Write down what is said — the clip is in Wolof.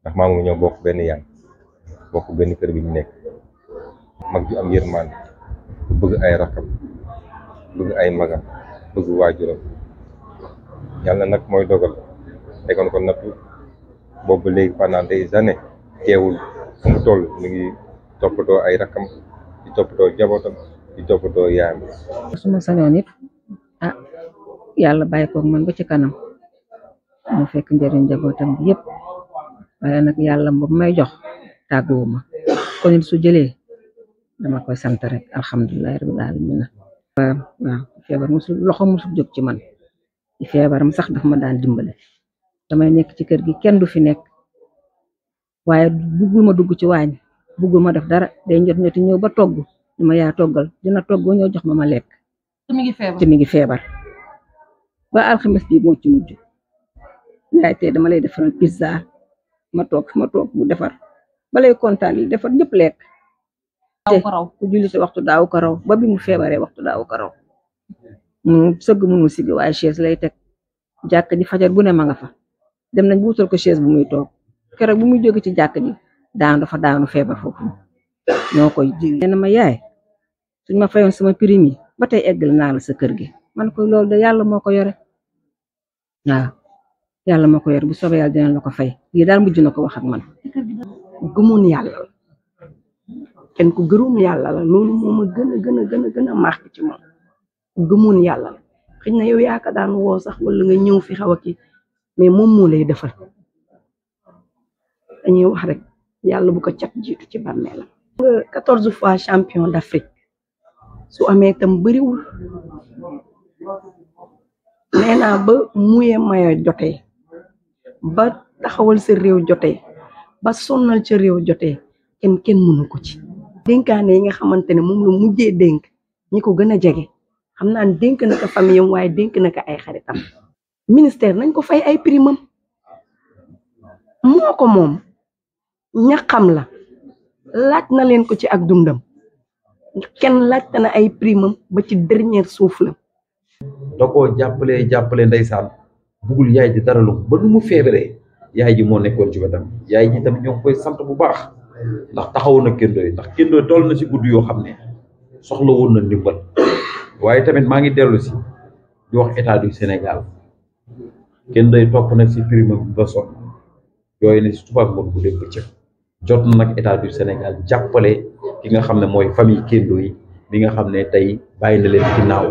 ndax maamu ngi ñoo bokk benn yaay bokk benn kër gi nekk mag ju am yërmande bëgg ay rakam bëgg ay magam bëgg waajuram yàlla nag mooy dogal tegoon ko nattu boobu léegi pendant des années teewul fu mu toll mi ngi toppatoo ay rakam di toppatoo jabootam di toppatoo yaayam suma sañoon it ah yalla bàyyi ko man ba ci kanam Mo fekk ndere njabootam bi yëpp ya, waaye nag yàlla bu may jox tàgguwuma kon su jele dama koy sant rek alhamdullilah ya, rabbil alamin wa nah, febar musul loxo musul jog ci man ci feebaram sax daf ma daan dimbalé. damay nek ci kër gi kenn du fi nek. Waye buggul ma dugg ci wañ. def dara day ñot ñoti ñew ba togg ni ma yaa toggal dina togg ñoo jox ma ma lekk. te mi ngi feebar mi ngi feebar ba alxames bi moo ci mujj yaay tey dama lay defaral pizza ma toog ma toog defar balay kontaan li defar ñëpp lekk. waxtu daaw ko ba bi mu feebaree waxtu daaw ko raw mu sëgg mu mu sigi waaye chaise lay teg jàkk ji fajar bu ne ma nga fa dem nañ bu wutal ko chaise bu muy toog keroog bu muy jóge ci jàkk ji daanu dafa daanu feebar foofu ñoo koy ji. nee na ma yaay. suñ ma fayoon sama prime yi ba tey eggal naa la sa kër gi man ko loolu de yàlla moo ko yore waaw yàlla moo ko yore bu soobee yàlla dina la ko fay lii daal mujj na ko wax ak man gëmoon yàlla la kenn ku yàlla la loolu gën a gën a gën a gën a marqué ci moom yàlla la na yow yaa daan woo sax wala nga ñëw fi xaw a kii mais moom moo lay defal dañuy wax rek yàlla bu ko cat jiitu ci bàmmeelam. 14 fois champion d'Afrique. su amee tam bëriwul nee naa ba muye mayo jotee ba taxawal sa réew jotee ba sonnal ca réew jotee kenn kenn mënu ko ci dénkaane yi nga xamante ne moom la mujjee dénk ñi ko gën a jege xam naa dénk na ko famille am waaye dénk na ko ay xaritam ministère nañ ko fay ay primam moo ko moom ñaxam la laaj na leen ko ci ak dundam Ken laajte na ay primam ba ci dernier Toko la da koo sam bugul yaay ji daralu ba nu mu feebaree yaay ji mo nekkon ci wadam yaay ji tam ñong koy sant bu baax ndax taxaw na kendo ndax kendo tol na si gudd yoo xam soxla won na ndimbal waye tamit ma ngi delu si di wax état du Sénégal kendo top na si primum ba so yoy ni si tuba mo bu dee ci jot na nak état du Sénégal ki nga xam ne mooy famille Kédougou yi bi nga xam ne tey bàyyi la leen ginnaaw